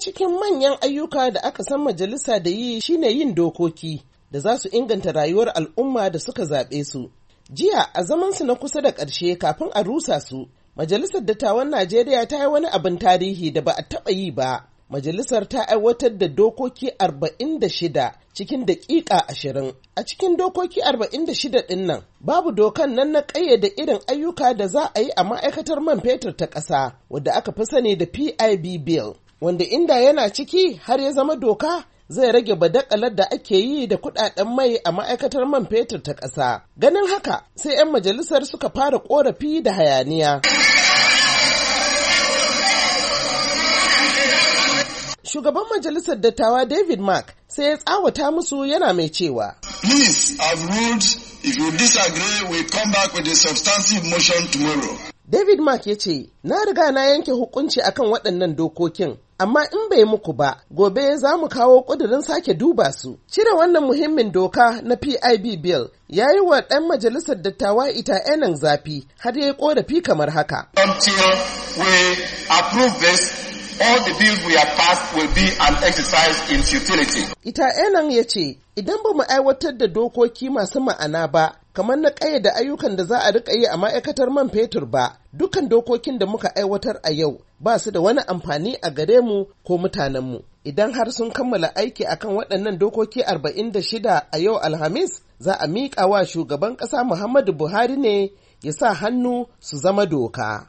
cikin manyan ayyuka da aka san majalisa da yi shine yin dokoki da za su inganta rayuwar al'umma da suka zaɓe su. Jiya a zaman su na kusa da ƙarshe kafin a rusa su, Majalisar Dattawan Najeriya ta yi wani abin tarihi da ba a taɓa yi ba. Majalisar ta aiwatar da dokoki arba'in da shida cikin daƙiƙa ashirin A cikin dokoki arba'in 46 ɗin nan, babu dokan nan na ƙayyade irin ayyuka da za a yi a ma'aikatar man fetur ta ƙasa, wadda aka fi sani da PIB bill. wanda inda yana ciki har ya zama doka zai rage badakalar da ake yi da kudaden mai a ma'aikatar man fetur ta ƙasa. Ganin haka sai 'yan majalisar suka fara korafi da hayaniya. Shugaban majalisar dattawa David Mark sai ya tsawata musu yana mai cewa. Please, I've if you disagree, we come back with a substantive motion tomorrow. David Mark ya ce, Na riga na yanke hukunci akan waɗannan dokokin, amma in bai muku ba gobe za mu kawo ƙudirin sake duba su. Cire wannan muhimmin doka na PIB bill ya yi wa ɗan majalisar dattawa ita enan zafi har ya yi ƙorafi kamar haka. Until we approve this all the bills we have passed will be an exercise in futility. Ita Elan ya ce, idan ba mu aiwatar da dokoki masu ma'ana ba, kamar na ƙayyada ayyukan da za a riƙa yi a ma'aikatar man fetur ba, dukan dokokin da muka aiwatar a yau ba su da wani amfani a gare mu ko mutanenmu. Idan har sun kammala aiki akan waɗannan dokoki arba'in da shida a yau Alhamis, za a miƙa wa shugaban ƙasa Muhammadu Buhari ne ya sa hannu su zama doka.